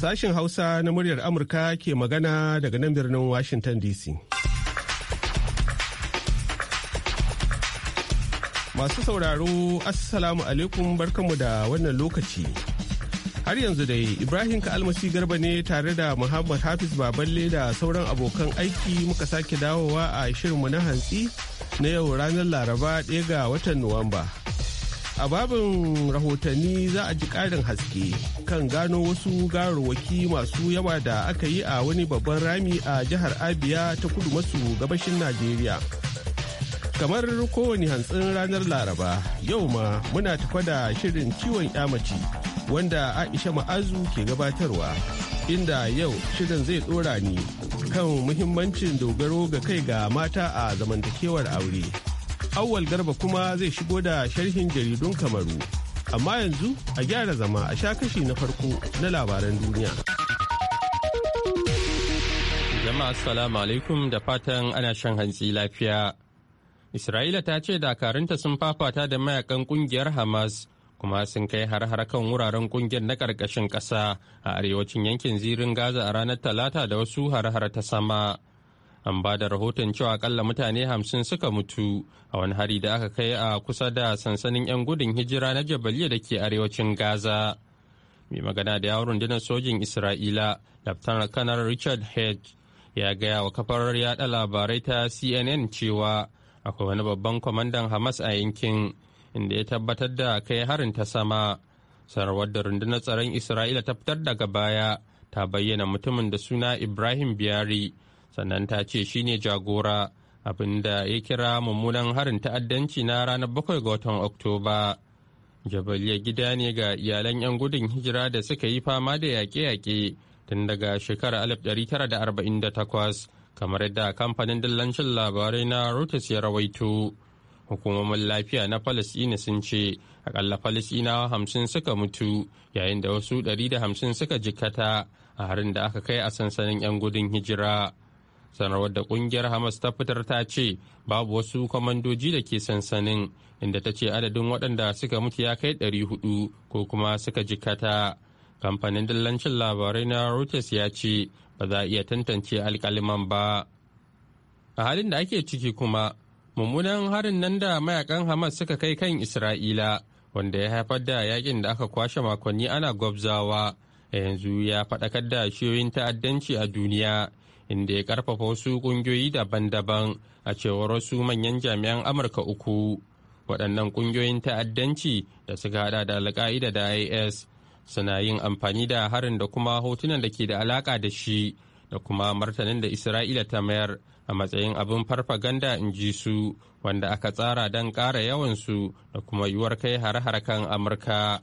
Sashen Hausa na muryar Amurka ke magana daga nan birnin Washington DC. Masu sauraro, Assalamu alaikum barkanmu da wannan lokaci. Har yanzu dai Ibrahim Ka'almasi Garba ne tare da Muhammad Hafiz Baballe da sauran abokan aiki muka sake dawowa a shirinmu na hantsi na yau ranar Laraba ɗaya ga watan Nuwamba. a babin rahotanni za a ji ƙarin haske kan gano wasu garowaki masu yawa da aka yi a wani babban rami a jihar abia ta kudu maso gabashin najeriya kamar kowane hantsin ranar laraba yau ma muna tafa da shirin ciwon yamaci wanda aisha ma'azu ke gabatarwa inda yau shirin zai tsora ne kan muhimmancin dogaro ga kai ga mata a zamantakewar aure. Awal Garba kuma zai shigo da sharhin jaridun Kamaru. Amma yanzu a gyara zama a sha kashi na farko na labaran duniya. Jama'a assalamu alaikum da fatan ana shan hantsi lafiya. Isra'ila ta ce dakarunta sun fafata da mayakan kungiyar Hamas kuma sun kai har-har kan wuraren kungiyar na karkashin kasa a arewacin yankin zirin Gaza a ranar Talata da wasu har-har ta sama. an ba da rahoton cewa akalla mutane hamsin suka mutu a wani hari da aka kai a kusa da sansanin 'yan gudun hijira na jabaliya da ke arewacin gaza mai magana da yawon rundunar sojin isra'ila daftar kanar richard hedge ya gaya wa kafar yada labarai ta cnn cewa akwai wani babban kwamandan hamas a yankin inda ya tabbatar da kai harin ta sama sanarwar da rundunar tsaron isra'ila ta fitar daga baya ta bayyana mutumin da suna ibrahim biyari sannan ta ce shi ne jagora abinda ya kira mummunan harin ta'addanci na ranar bakwai ga watan oktoba jabaliya gida ne ga iyalan 'yan gudun hijira da suka yi fama da yaƙe-yaƙe tun daga shekarar 1948 kamar yadda kamfanin dillancin labarai na reuters ya rawaito hukumomin lafiya na falasɗina sun ce akalla falasɗinawa hamsin suka mutu yayin da wasu 150 suka jikkata a harin da aka kai a sansanin 'yan gudun hijira. sanarwar da kungiyar hamas ta fitar ta ce babu wasu kwamandoji da ke sansanin inda ta ce adadin waɗanda suka mutu ya kai 400 ko kuma suka jikata kamfanin dillancin labarai na reuters ya ce ba za a iya tantance alkaliman ba a halin da ake ciki kuma mummunan harin nan da mayakan hamas suka kai kan isra'ila wanda ya haifar da yakin da aka kwashe makonni ana gwabzawa yanzu ya faɗakar da shiyoyin ta'addanci a duniya inda ya karfafa wasu kungiyoyi daban-daban a cewar wasu manyan jami'an amurka uku waɗannan kungiyoyin ta'addanci da suka hada da alka'ida da is suna yin amfani da harin da kuma hotunan da ke da alaka da shi da kuma martanin da isra'ila ta mayar a matsayin abin farfaganda in ji su wanda aka tsara don ƙara yawansu da kuma yiwuwar kai har-har kan amurka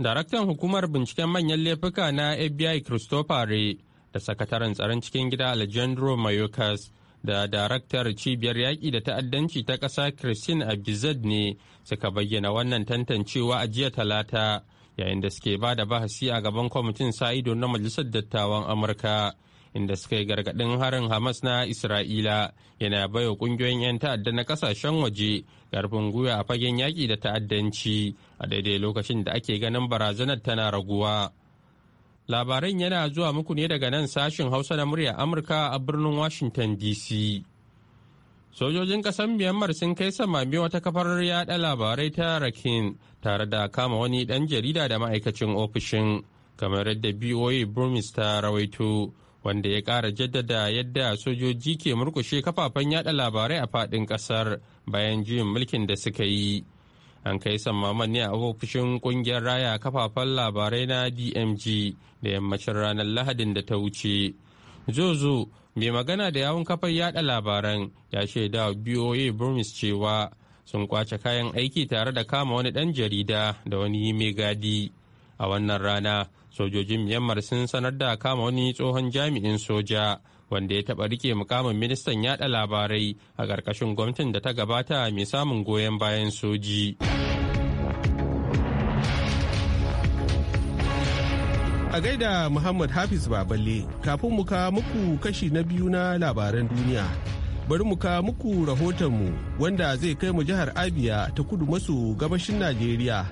daraktan hukumar binciken manyan laifuka na fbi christopher Ray da sakataren tsaron cikin gida alejandro mayorkas da daraktar cibiyar yaƙi da ta'addanci ta ƙasa christine abizad ne suka bayyana wannan tantancewa a jiya talata yayin da suke ba da bahasi a gaban kwamitin sa na majalisar dattawan amurka inda suka yi gargaɗin harin hamas na isra'ila yana baiwa ƙungiyoyin 'yan ta'adda na ƙasashen waje ƙarfin gwiwa a fagen yaƙi da ta'addanci a daidai lokacin da ake ganin barazanar tana raguwa. Labaran yana zuwa muku ne daga nan sashin Hausa na murya Amurka a birnin Washington DC. Sojojin ƙasar Myanmar sun kai samami wata kafar yaɗa labarai ta Rakin tare da kama wani ɗan jarida da ma'aikacin ofishin kamar yadda BOA Burmese ta rawaito wanda ya ƙara jaddada yadda sojoji ke murkushe kafafen yaɗa labarai a faɗin ƙasar bayan juyin mulkin da suka yi. an kai sammaman ne a ofishin kungiyar raya kafafen labarai na dmg da yammacin ranar lahadin da ta wuce zozo mai magana da yawun kafar yada labaran ya shaida boa burmis cewa sun kwace kayan aiki tare da kama wani dan jarida da wani mai gadi a wannan rana sojojin myanmar sun sanar da kama wani tsohon jami'in soja wanda ya taɓa rike mukamin ministan yada labarai a ƙarƙashin gwamnatin da ta gabata mai samun goyon bayan soji. A gaida Muhammad Hafiz Baballe, kafin mu ka muku kashi na biyu na labaran duniya. Bari mu ka muku rahotonmu wanda zai kai mu jihar Abia ta kudu maso gabashin Najeriya,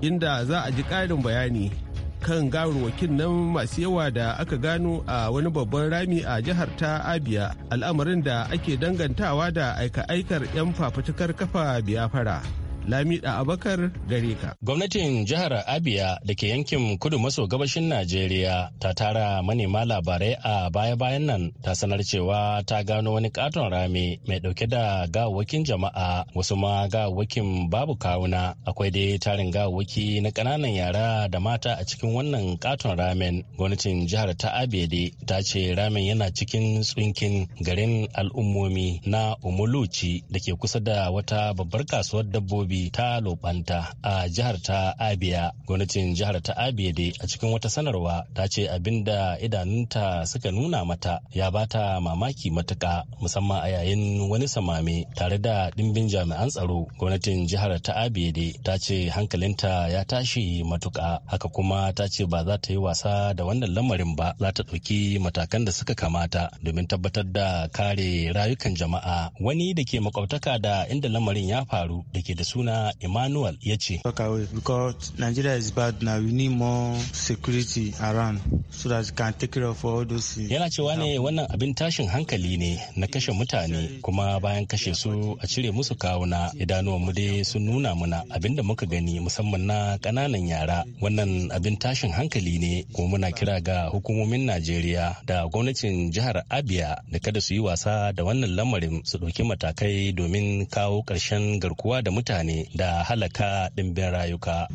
inda za a ji ƙarin bayani kan gawarwakin nan masu yawa da aka gano a wani babban rami a jihar ta abia al'amarin da ake dangantawa da aika-aikar 'yan fafutukar kafa biyafara. fara. Lamida Abakar gare ka. Gwamnatin jihar Abia da ke yankin kudu maso gabashin Najeriya ta tara manema labarai a baya-bayan nan ta sanar cewa ta gano wani katon rami mai dauke da gawakin jama'a wasu ma gawakin babu kawuna akwai dai tarin gawaki na kananan yara da mata a cikin wannan katon ramen gwamnatin jihar ta Abia ta ce ramen yana cikin tsinkin garin al'ummomi na Umuluci da ke kusa da wata babbar kasuwar dabbobi dabbobi ta lobanta a jihar ta abia gwamnatin jihar ta abia dai a cikin wata sanarwa ta ce abin da idanunta suka nuna mata ya bata mamaki matuka musamman a yayin wani samame tare da dimbin jami'an tsaro gwamnatin jihar ta abia dai ta ce hankalinta ya tashi matuka haka kuma ta ce ba za ta yi wasa da wannan lamarin ba za ta ɗauki matakan da suka kamata domin tabbatar da kare rayukan jama'a wani da ke makwabtaka da inda lamarin ya faru da ke da suna haruna emmanuel ya ce yana cewa ne wannan abin tashin hankali ne na kashe mutane kuma bayan kashe su a cire musu kawuna mu dai sun nuna muna abin da muka gani musamman na ƙananan yara wannan abin tashin hankali ne kuma muna kira ga hukumomin najeriya da gwamnatin jihar abia da kada su yi wasa da wannan lamarin su ɗauki matakai domin kawo ƙarshen garkuwa da mutane mutane da halaka ɗimbin rayuka.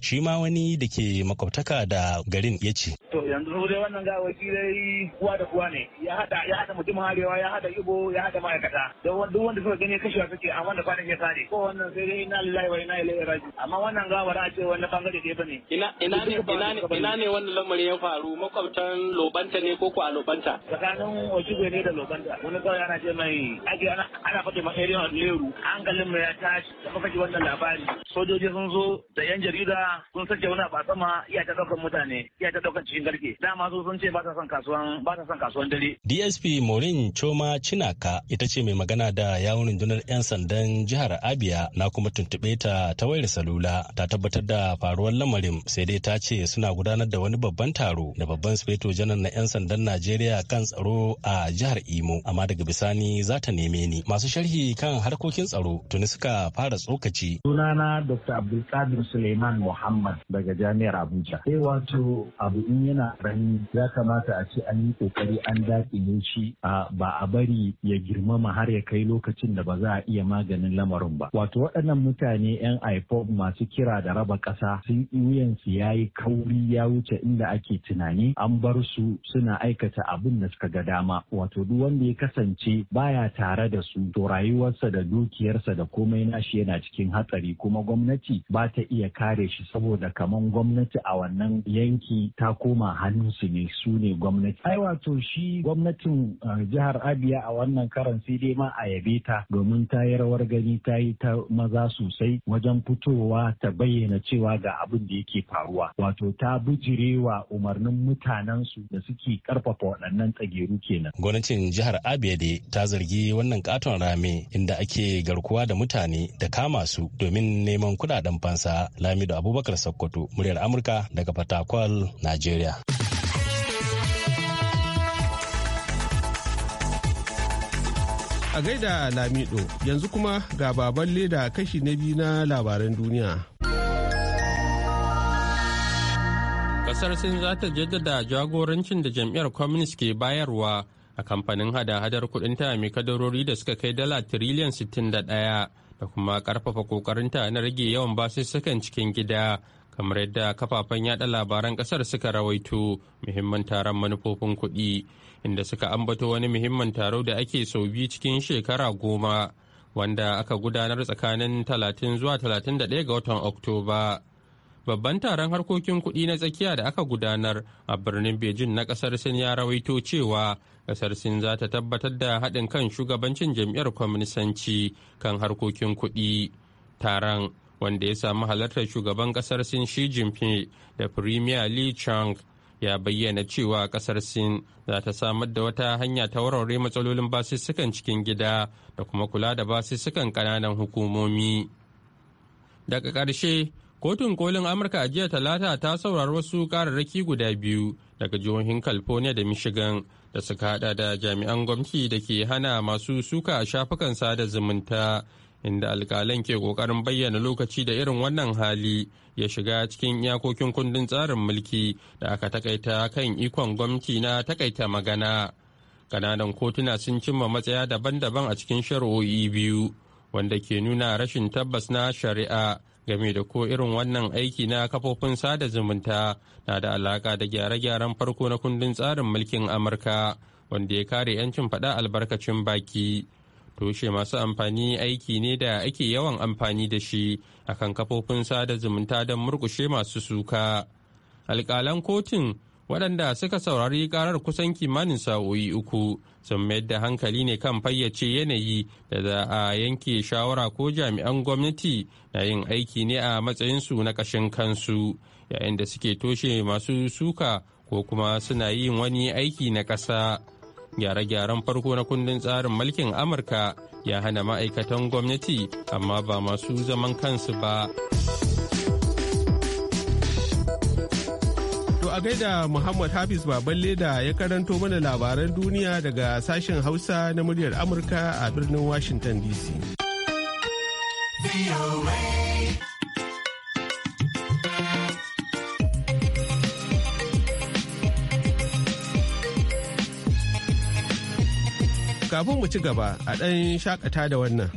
Shi ma wani da ke makwabtaka da garin ya ce. To yanzu su dai wannan gawaki dai kuwa da kuwa ne ya hada ya hada mutum harewa ya hada ibo ya hada ma'aikata don duk wanda suka gani kashewa suke a wanda kwanan ya kare ko wannan sai dai ina lillahi wa ina ilaihi raji amma wannan gawar a ce wani bangare dai bane ina ina ne ina ne ina ne wannan lamarin ya faru makwabtan lobanta ne ko ko a lobanta tsakanin ojibe ne da lobanta wani kawai ana ce mai ake ana ana fata ma area leru hankalin mu ya tashi da muka ji wannan labari sojoji sun zo da yan jarida sun sace wani a sama iya ta daukan mutane iya ta daukan cikin rike dama su sun ce ba ta son kasuwan ba ta son kasuwan dare DSP Morin Choma Chinaka ita ce mai magana da yawun rundunar yan sandan jihar Abia na kuma tuntube ta ta wayar salula ta tabbatar da faruwar lamarin sai dai ta ce suna gudanar da wani babban taro da babban sufeto janar na yan sandan Najeriya kan tsaro a jihar Imo amma daga bisani za ta neme ni masu sharhi kan harkokin tsaro tuni suka fara tsokaci sunana Dr. Abdulkadir Suleiman Muhammad daga Jami'ar Abuja sai eh, wato abu in yana wannan rani ya kamata a ce an yi kokari an dakile shi a ba a bari ya girmama har ya kai lokacin da ba za a iya maganin lamarin ba wato waɗannan mutane yan ipob masu kira da raba ƙasa sun wuyansu ya yi kauri ya wuce inda ake tunani an bar su suna aikata abin da suka ga dama wato duk wanda ya kasance baya tare da su to rayuwarsa da dukiyarsa da komai nashi yana cikin hatsari kuma gwamnati ba ta iya kare shi saboda kaman gwamnati a wannan yanki ta koma hannunsu ne su ne gwamnati. Ai wato shi gwamnatin uh, jihar Abia a wannan karan sai dai ma a yabe ta domin ta yi rawar gani ta yi ta maza sosai wajen fitowa ta bayyana cewa ga abin da yake faruwa. Wato ta wa umarnin mutanensu da suke karfafa waɗannan tsageru kenan. Gwamnatin jihar Abia dai ta zargi wannan katon rame inda ake garkuwa da mutane da kama su domin neman kuɗaɗen fansa. Lamido Abubakar Sokoto, muryar Amurka daga Fatakwal, Najeriya. A gaida Lamido yanzu kuma ga baban leda kashi na biyu na labaran duniya. Kasar Sin za ta jaddada jagorancin da jam'iyyar Communist ke bayarwa a kamfanin hada-hadar kudin ta mai kadarori da suka kai dala tiriliyan 61 da kuma karfafa kokarinta na rage yawan basussukan cikin gida kamar yadda kafafen yada labaran kasar suka rawaito muhimman taron manufofin kuɗi inda suka ambato wani muhimman taro da ake sau biyu cikin shekara goma wanda aka gudanar tsakanin 30 zuwa 31 ga watan oktoba babban taron harkokin kuɗi na tsakiya da aka gudanar a birnin beijing na ƙasar sin ya rawaito cewa ƙasar sin za ta tabbatar da haɗin kan shugabancin jam'iyyar kwaminisanci kan harkokin kuɗi taron wanda ya samu halartar shugaban kasar sin shi jinping da premier li chang ya bayyana cewa kasar sin za ta samar da wata hanya ta warware matsalolin basussukan cikin gida da kuma kula da basussukan kananan hukumomi daga ƙarshe kotun kolin amurka a jiya talata ta saurari wasu kararraki guda biyu daga jihohin california da michigan da suka hada da jami'an gwamnati da ke hana masu suka a shafukan sada zumunta inda alkalan ke kokarin bayyana lokaci da irin wannan hali ya shiga cikin iyakokin kundin tsarin mulki da aka takaita kan ikon gwamnati na takaita magana kananan kotuna sun cimma matsaya daban-daban a cikin shari'o'i biyu wanda ke nuna rashin tabbas na shari'a game da ko irin wannan aiki na kafofin sada zumunta na da alaka da gyare-gyaren farko na kundin tsarin mulkin amurka wanda ya kare 'yancin faɗa albarkacin baki Toshe masu amfani aiki ne da ake yawan amfani da shi akan kafofin sada zumunta don murkushe masu suka. alkalan kotun waɗanda suka saurari karar kusan kimanin sa'o'i uku sun mayar da hankali ne kan fayyace yanayi da za a yanke shawara ko jami'an gwamnati na yin aiki ne a matsayinsu na ƙashin kansu yayin da suke toshe masu suka ko kuma suna yin wani aiki na ƙasa. gyare-gyaren farko na kundin tsarin mulkin amurka ya hana ma'aikatan gwamnati amma ba masu zaman kansu ba to a gaida muhammad hafiz baballe da ya karanto mana labaran duniya daga sashen hausa na muryar amurka a birnin washington dc Kafin mu ci gaba a ɗan shakata da wannan.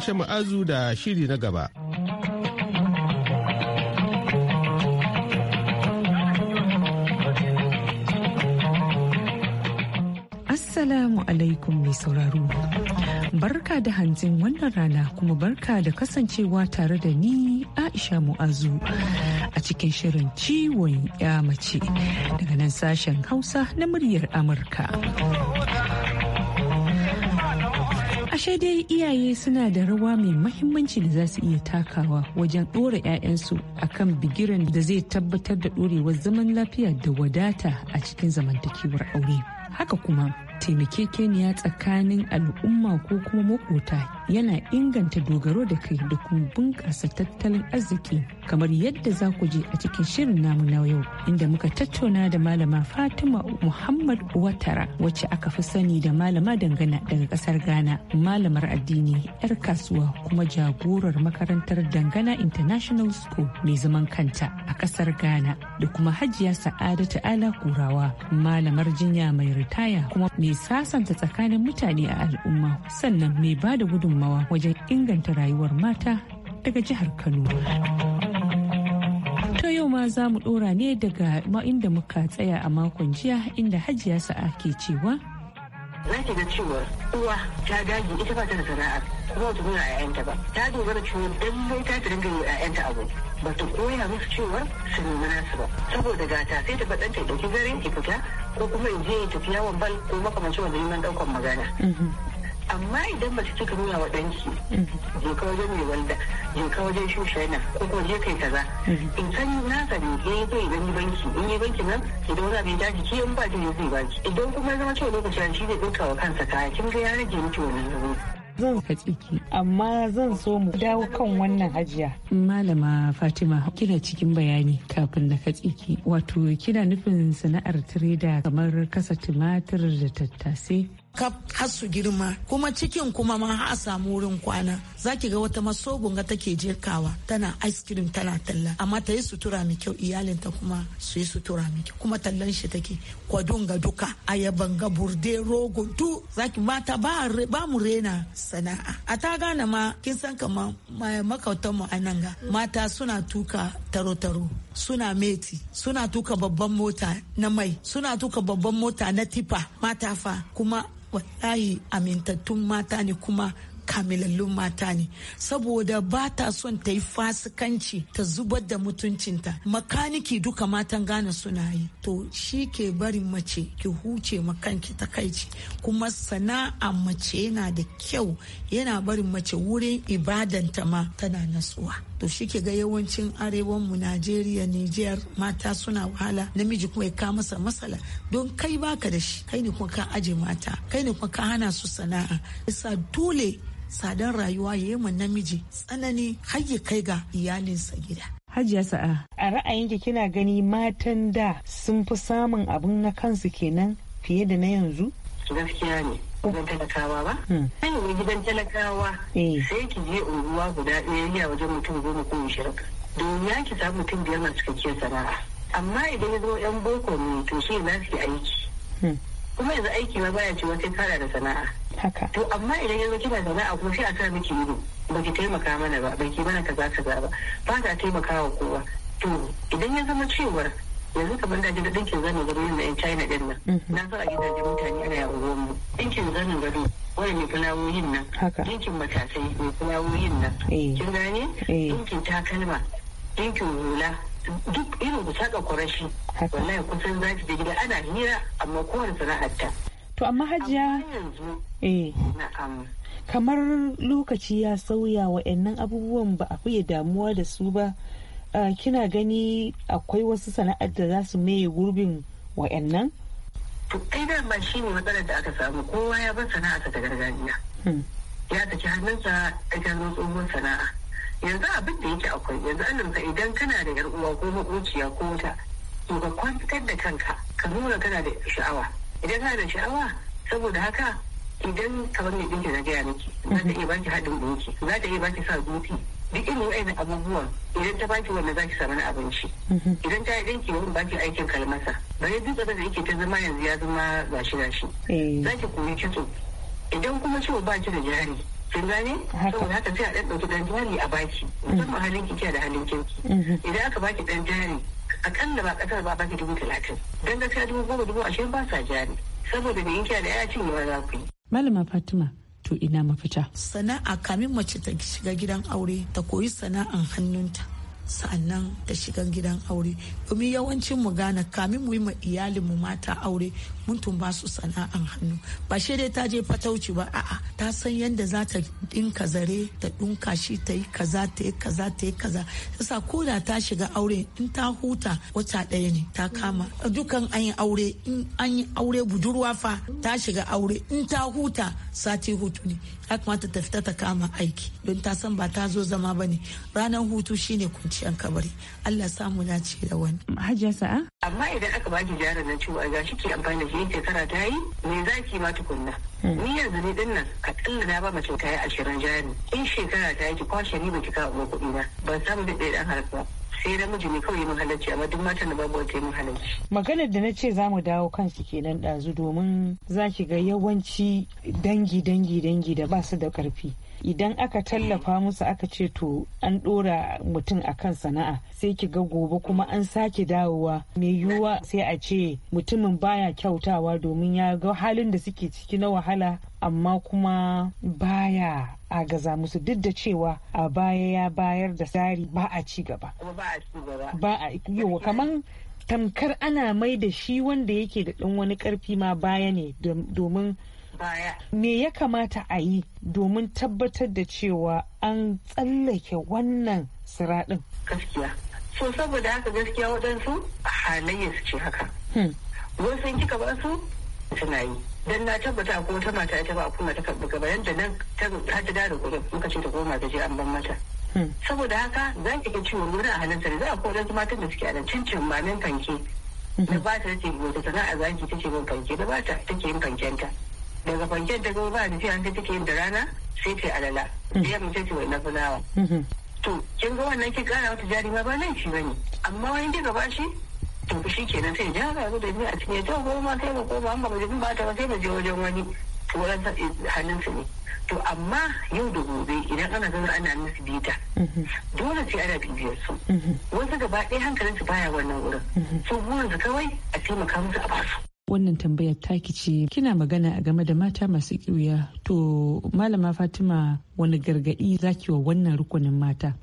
Aisha Ma'azu da shiri na gaba. Assalamu alaikum mai sauraro. Barka da hanzin wannan rana kuma barka da kasancewa tare da ni Aisha Mu'azu a cikin shirin ciwon ya mace daga nan sashen Hausa na muryar Amurka. Ashe dai iyaye suna da rawa mai mahimmanci da za su iya takawa wajen ɗora 'ya'yansu akan bigiran da zai tabbatar da ɗorewar zaman lafiya da wadata a cikin zamantakewar aure. Haka kuma taimakekeniya tsakanin al'umma ko kuma makota yana inganta dogaro da kai da kuma bunƙasa tattalin arziki kamar yadda za ku ji a cikin shirin namu na yau inda muka tattauna da malama Fatima Muhammad Watara wacce aka fi sani da malama dangana daga kasar Ghana malamar addini 'yar kasuwa kuma jagorar makarantar dangana International School mai zaman kanta a kasar Ghana da kuma Hajiya Sa'adatu Ala Kurawa malamar jinya mai ritaya kuma mai sasanta tsakanin mutane a al'umma sannan mai bada da gudunmawa wajen inganta rayuwar mata daga jihar Kano. kuma za mu ɗora ne daga inda muka tsaya a makon jiya inda hajiya sa'a ke cewa za ga cewar uwa ta gage ita ba ta da sana'a kuma ta nuna yayanta ba ta dogara cewa mai ta dinga yi yayanta abu ba ta koya musu cewar su nemi nasu ba saboda gata sai ta faɗan ta ɗauki garin ki fita ko kuma in je tafi yawon bal ko makamancin wanda neman ɗaukan magana mhm. amma idan mace cika nuna wa danki je ka wajen mai walda je ka wajen shushena ko kuma je kai kaza in san na sani eh idan gani banki in yi banki nan idan za abin daji ke in ba yi zai banki idan kuma zama cewa lokacin shi zai ɗauka wa kansa kaya kin ga ya rage miki wannan nauyi zan katse ki amma zan so mu dawo kan wannan hajiya. Malama Fatima kina cikin bayani kafin na katse ki wato kina nufin sana'ar tireda kamar kasa tumatir da tattasai kaf har su girma kuma cikin kuma ma har samu wurin kwana za ki ga wata masogon ga take jirkawa tana ice cream tana talla amma ta yi sutura mai kyau iyalinta kuma su yi sutura mai kyau kuma tallan shi take kwadon ga duka ayaban ga burde rogo du za ki mata ba, mu rena sana'a a ta gane ma kin san kama makautan mu anan ga mata suna tuka taro taro suna meti suna tuka babban mota na mai suna tuka babban mota na tifa mata fa kuma wallahi amintattun mata ne kuma kamilallun mata ne saboda ba ta son ta yi fasikanci ta zubar da mutuncinta makaniki duka matan gane suna yi to shi ke barin mace ki huce makanki takaici kuma sana'a mace yana da kyau yana barin mace wurin ibadanta ma tana nasuwa to shi ke ga yawancin arewan mu Najeriya Nijar mata suna wahala namiji kuma ya ka masa masala don kai baka da shi kai ne kuma ka aje mata kai ne kuma ka hana su sana'a yasa dole tsadar rayuwa ya yi ma namiji tsanani har ya kai ga iyalinsa gida. Hajiya Sa'a. A ra'ayinki kina gani matan da sun fi samun abin na kansu kenan fiye da na yanzu? Gaskiya ne. Gidan talakawa ba? Sai hmm. ne gidan talakawa. Eh. Sai ki je unguwa guda ɗaya ya wajen mutum goma ko ishirin. Domin ya ki samu mutum biyar masu cikakkiyar sana'a. Amma idan ya zo 'yan boko ne to shi na fi aiki. Hmm. kuma yanzu aiki ma baya cewa sai kara da sana'a haka to amma idan yanzu kina sana'a kuma sai a sa miki ido ba ki taimaka mana ba ba ki mana kaza kaza ba ba ta taimaka wa kowa to idan ya zama cewar yanzu kamar da da dinkin zanin gado yin da yan china ɗin nan mhm. na zo a gidajen mutane ana ruwan mu dinkin zanin gado wani mai fulawoyin nan dinkin matasai mai fulawoyin nan eh. kin gane dinkin eh. takalma dinkin hula duk irin ku saka kwarashi wallahi kusan za ki gida ana hira amma kowane sana'ar ta to amma hajiya eh, kamar lokaci ya sauya wa'annan abubuwan ba a fiye damuwa da su ba ah, kina gani akwai wasu sana'ar da za su maye gurbin wa'annan to kai dama shi ne matsalar da aka samu kowa ya bar sana'a ta gargajiya hmm. ya saki hannunsa ita gano tsohon sana'a yanzu abin da yake akwai yanzu annan idan kana da yar uwa ko makociya ko wuta to ka kwantar da kanka ka nuna kana da sha'awa idan kana da sha'awa saboda haka idan kamar mai ɗinki na gaya miki za ta iya baki haɗin ɗinki za ta iya baki sa zuci duk irin wa'in abubuwan idan ta baki wanda za ki samu na abinci mhm. idan ta yi ɗinki wani baki aikin kalmasa bari duk abin da yake ta zama yanzu ya zama gashi gashi eh. za ki koyi kitso idan kuma ciwo ba ki da jari kin gane saboda haka sai a ɗan ɗan jari a baki mm. musamman halin kiki da halin kinki mm-hmm. idan aka baki ɗan jari akalla ba kasar ba baki dubu talatin dan gaskiya dubu goma dubu ashirin ba sa jari saboda da yanki da ya cin yawa za ku yi. Malama Fatima to ina mafita. Sana'a kamin mace ta shiga gidan aure ta koyi sana'an hannunta. sannan ta shiga gidan aure domin yawancin mu gane kamin mu yi ma iyalin mu mata aure mun tumba su sana'an hannu ba shi dai ta je fatauci ba a'a ta san yadda za ta dinka zare ta dinka shi ta yi kaza ta yi kaza ta yi kaza yasa ko da ta shiga aure in ta huta wata ɗaya ne ta kama dukan an yi aure in an yi aure budurwa fa ta shiga aure in ta huta sati hutu ne ya kamata ta fita ta kama aiki don ta san ba ta zo zama ba ne ranar hutu shine kunciyan kabari Allah samu dace da wani. Hajiya Amma idan aka baki jarin nan cewa ga shi ke amfani da shi in shekara ta yi me za ki ma tukunna. Hmm. Ni yanzu ni din nan akalla na ba mace ta yi ashirin jari. In shekara ta yi ki kwashe ni ba ki kawo kuɗi na ban samu da ɗaya ɗan harka. sai namiji ne kawai mun halarci amma duk matan da babu wata mun halarci. Maganar da na ce za mu dawo kansu kenan ɗazu domin za ki ga yawanci dangi dangi dangi da ba su da ƙarfi. idan aka tallafa musu aka ce to an dora mutum akan sana'a sai ki ga gobe kuma an sake dawowa mai yiwuwa sai a ce mutumin baya kyautawa domin ya ga halin da suke ciki na wahala amma kuma baya a gaza musu duk da cewa a baya ya bayar da tsari ba a ci gaba ba a kaman tamkar ana mai da shi wanda yake da ɗan wani karfi ma baya ne domin baya. Me ya kamata a yi domin tabbatar da cewa an tsallake wannan siraɗin? Gaskiya. So saboda haka gaskiya waɗansu halayyar su ce haka. Hmm. Wasu kika ba su suna yi. dan na tabbata ko ta mata ita ba a kuma ta karɓi gaba yadda nan ta ta da gurin muka ce ta goma ta je an ban mata. Hmm. Saboda haka zan ki cewa ciwon wurin a halin sani za a kowa wasu matan da suke a nan cincin mamin fanke. Na hmm. ba ta ce wata sana'a zan ki ta ce min fanke na ba ta take yin fankenta. daga kwanciyar da roba da an ta take da rana sai ta alala mm. sai mu ta na fulawa mm-hmm. to kin ga wannan ki kara wata jari ma ba nan shi bane amma wani ki gaba shi to shi kenan sai ja ga da ni a cikin ya ta oh, goma kai ba ba amma ba jin ba ta ba sai ba je wajen wani to wannan eh, hannun su ne to amma yau da gobe idan ana ganin ana nufi bita mm-hmm. dole sai ana bibiyar su mm-hmm. wasu gaba ɗaya su baya wannan wurin su burinsu kawai a taimaka musu a basu wannan tambayar taki ce kina magana a game da mata masu ƙiwuya to malama fatima wani gargaɗi zaki wa wannan rukunin mata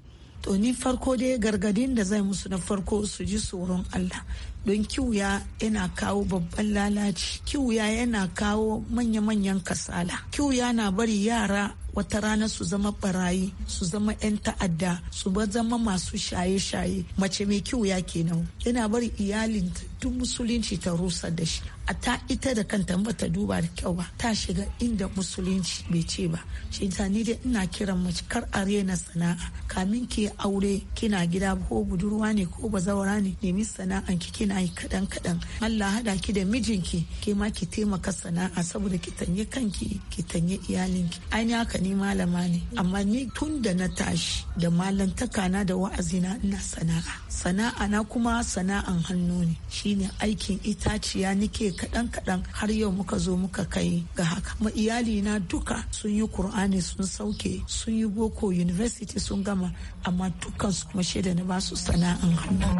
to ni farko dai gargadin da zai musu na farko su ji tsoron Allah don kiwuya yana kawo babban lalaci kiwuya yana kawo manya-manyan kasala kiwuya na bari yara wata rana su zama barayi su zama 'yan ta'adda su ba zama masu shaye-shaye mace mai kiwuya kenan yana bari iyalin duk musulunci ta rusa da shi a ta ita da kanta ba ta duba da kyau ba ta shiga inda musulunci bai ce ba shi ta ni dai ina kiran mace kar a rena sana'a kamin ki aure kina gida ko budurwa ne ko bazawara ne nemi sana'an ki kina yi kadan kadan Allah hada ki da mijinki ke ma ki taimaka sana'a saboda ki tanye kanki ki tanye iyalinki ai haka ni malama ne amma ni tun da na tashi da malantaka na da wa'azina ina sana'a sana'a na kuma sana'an hannu ne shine aikin itaciya nike kaɗan kaɗan har yau muka zo muka kai ga haka ma iyali na duka sun yi kur'ani sun sauke sun yi boko university sun gama amma dukkan su kuma shaida na ba su sana'an hannu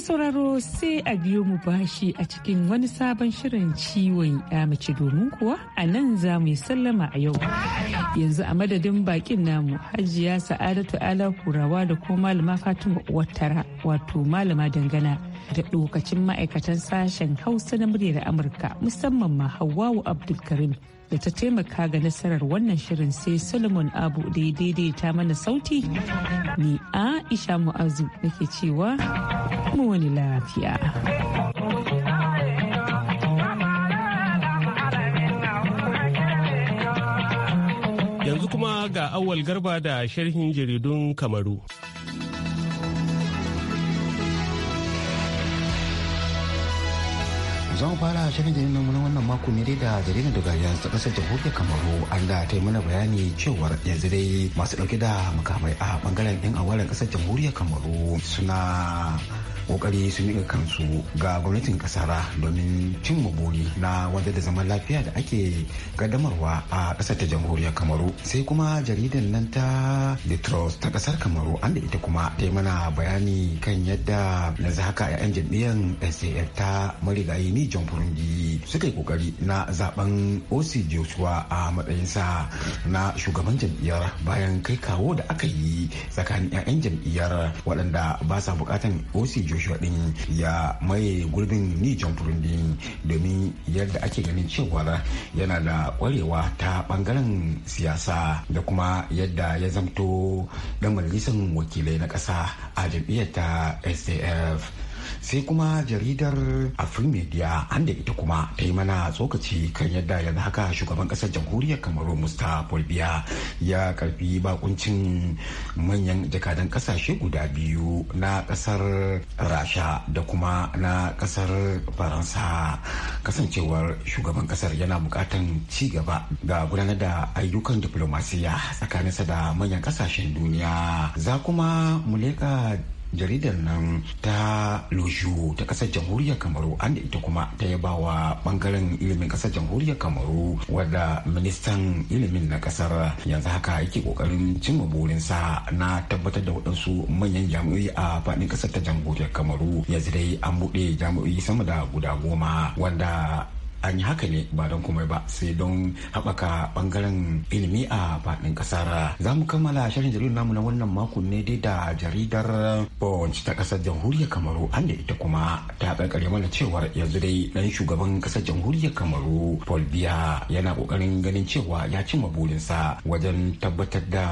Mai sauraro sai a biyo mu bashi a cikin wani sabon shirin ciwon mace domin kuwa a nan za mu yi sallama a yau. Yanzu a madadin bakin namu hajiya sa'adatu ala kurawa da ko malama fatima wattara wato malama dangana da lokacin ma'aikatan sashen hausa na muryar amurka musamman ma hawawu abdulkarim da ta taimaka ga nasarar wannan shirin sai solomon abu da ya daidaita mana sauti ni aisha mu'azu nake cewa mu wani lafiya yanzu kuma ga awal garba da sharhin jaridun kamaru za mu fara shirin jaridar mu wannan mako ne da jaridar da yanzu ta kasar jamhuriyar kamaru an da ta yi mana bayani cewar yanzu dai masu dauke da makamai a bangaren yan awaren kasar jamhuriyar kamaru suna kokari sun miƙa kansu ga gwamnatin kasara domin cin buri na wanda da zaman lafiya da ake gadamarwa a ƙasar ta jamhuriyar kamaru sai kuma jaridar nan ta the trust ta ƙasar kamaru an da ita kuma ta yi mana bayani kan yadda yanzu haka 'ya'yan jam'iyyar saf ta marigayi ni john burundi suka yi kokari na zaben osi joshua a matsayinsa na shugaban jam'iyyar bayan kai kawo da aka yi tsakanin 'ya'yan jam'iyyar waɗanda ba sa bukatan osi joshua joshua din ya maye gurbin nijan burundi domin yadda ake ganin cewar yana da kwarewa ta bangaren siyasa da kuma yadda ya zamto dan majalisar wakilai na ƙasa a jam'iyyar ta sdf sai kuma jaridar afrimedia anda ita kuma ta yi mana tsokaci kan yadda yanzu haka shugaban kasar jamhuriyar kamaru musta biya ya karfi bakuncin manyan jakadan kasashe guda biyu na kasar rasha da kuma na kasar faransa kasancewar shugaban kasar yana bukatan ci gaba ga gudanar da ayyukan diplomasiya tsakaninsa da manyan kasashen duniya za kuma mu leka jaridar nan ta lojo ta kasar jamhuriyar kamaru an da ita kuma ta yaba wa bangaren ilimin kasar jamhuriyar kamaru wadda ministan ilimin na kasar yanzu haka yake kokarin cimma burinsa na tabbatar da waɗansu manyan jami'o'i a faɗin kasar ta jamhuriyar kamaru yanzu dai an buɗe jami'o'i sama da guda goma wanda an yi haka ne ba don komai ba sai don haɓaka bangaren ilimi a faɗin ƙasar za mu kammala shirin jaridar namu na wannan makon ne dai da jaridar bonch ta ƙasar jamhuriyar kamaru an da ita kuma ta ƙarƙare mana cewar yanzu dai ɗan shugaban ƙasar jamhuriyar kamaru paul biya yana ƙoƙarin ganin cewa ya cimma burinsa wajen tabbatar da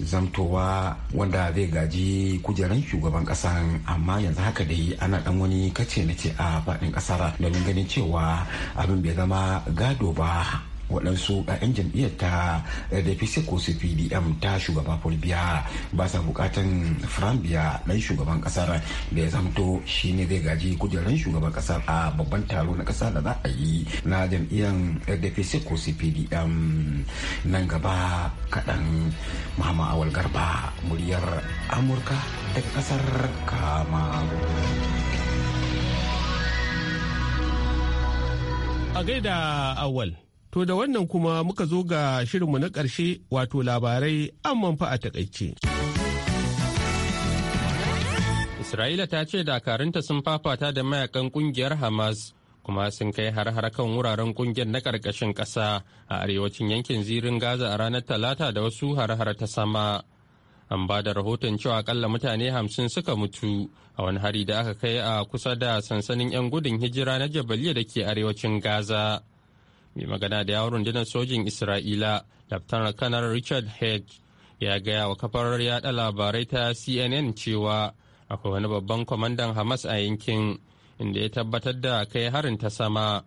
zamtowa wanda zai gaji kujeran shugaban ƙasan amma yanzu haka dai ana ɗan wani kace na ce a faɗin ƙasar don ganin cewa a abin bai zama gado ba waɗansu 'ya'yan jam'iyyar ta dpc ko su pdm ta shugaba fulbiya ba sa bukatan biya ɗan shugaban ƙasar da ya zamto shi ne zai gaji kujerar shugaban ƙasar a babban taro na ƙasa da za a yi na jam'iyyar dpc ko su pdm nan gaba kaɗan mama awal garba muryar amurka daga ƙasar kamaru A gaida awal. To da wannan kuma muka zo ga shirinmu na ƙarshe wato labarai amman fa a takaice. Isra'ila ta ce dakarunta sun fafata da mayakan kungiyar Hamas kuma sun kai har-har kan wuraren kungiyar na ƙarƙashin ƙasa a arewacin yankin zirin Gaza a ranar Talata da wasu har-har ta sama. an ba da rahoton cewa akalla mutane hamsin suka mutu a wani hari da aka kai a kusa da sansanin 'yan gudun hijira na jabaliya da ke arewacin gaza mai magana da yawon rundunar sojin isra'ila laftanar kanar richard hedge ya gaya wa kafar yada labarai ta cnn cewa akwai wani babban kwamandan hamas a yankin inda ya tabbatar da kai harin ta sama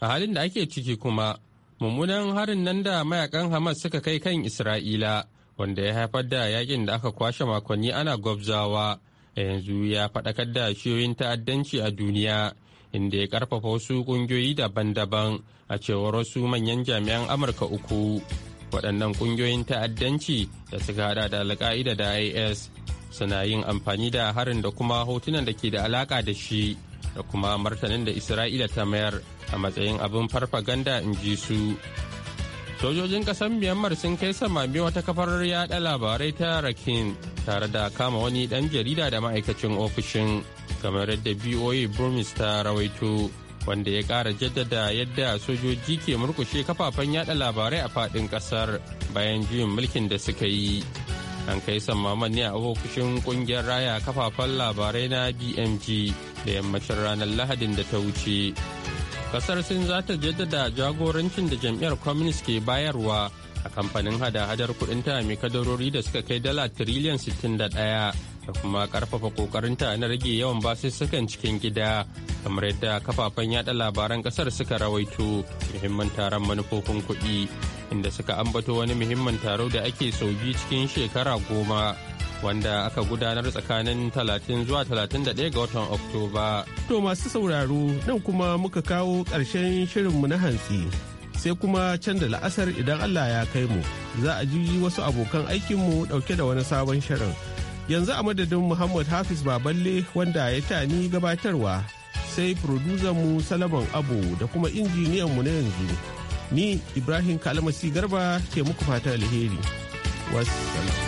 a halin da ake ciki kuma mummunan harin nan da mayakan hamas suka kai kan isra'ila wanda ya haifar da yakin da aka kwashe makonni ana gwabzawa a yanzu ya faɗakar da shiyoyin ta'addanci a duniya inda ya ƙarfafa wasu ƙungiyoyi daban-daban a cewar wasu manyan jami'an amurka uku waɗannan ƙungiyoyin ta'addanci da suka hada da alƙa'ida da is suna yin amfani da harin da kuma hotunan da ke da alaƙa da shi da kuma martanin da isra'ila ta mayar a matsayin abin farfaganda in ji su sojojin kasar myanmar sun kai samami wata kafar yada labarai ta rakin tare da kama wani dan jarida da ma'aikacin ofishin kamar yadda boa burmese ta rawaito wanda ya kara jaddada yadda sojoji ke murkushe kafafen yada labarai a fadin kasar bayan juyin mulkin da suka yi an kai sammaman ne a ofishin kungiyar raya kafafen labarai na bmg da yammacin ranar lahadin da ta wuce kasar sin za ta jaddada jagorancin da jam'iyyar communist ke bayarwa a kamfanin hada-hadar kudin ta mai kadarori da suka kai dala tiriliyan 61 da kuma karfafa kokarinta na rage yawan basussukan cikin gida kamar yadda kafafen yada labaran kasar suka rawaito muhimman taron manufofin kuɗi inda suka ambato wani muhimman taro da ake sau cikin shekara goma wanda aka gudanar tsakanin 30 zuwa 31 ga watan oktoba to masu sauraro nan kuma muka kawo ƙarshen shirinmu na hantsi sai kuma can da la'asar idan allah ya kai mu za a ji wasu abokan aikinmu ɗauke da wani sabon shirin yanzu a madadin muhammad hafiz baballe wanda ya tani gabatarwa sai mu salaman abu da kuma mu na yanzu ni ibrahim kalmasi garba ke muku fata alheri wasu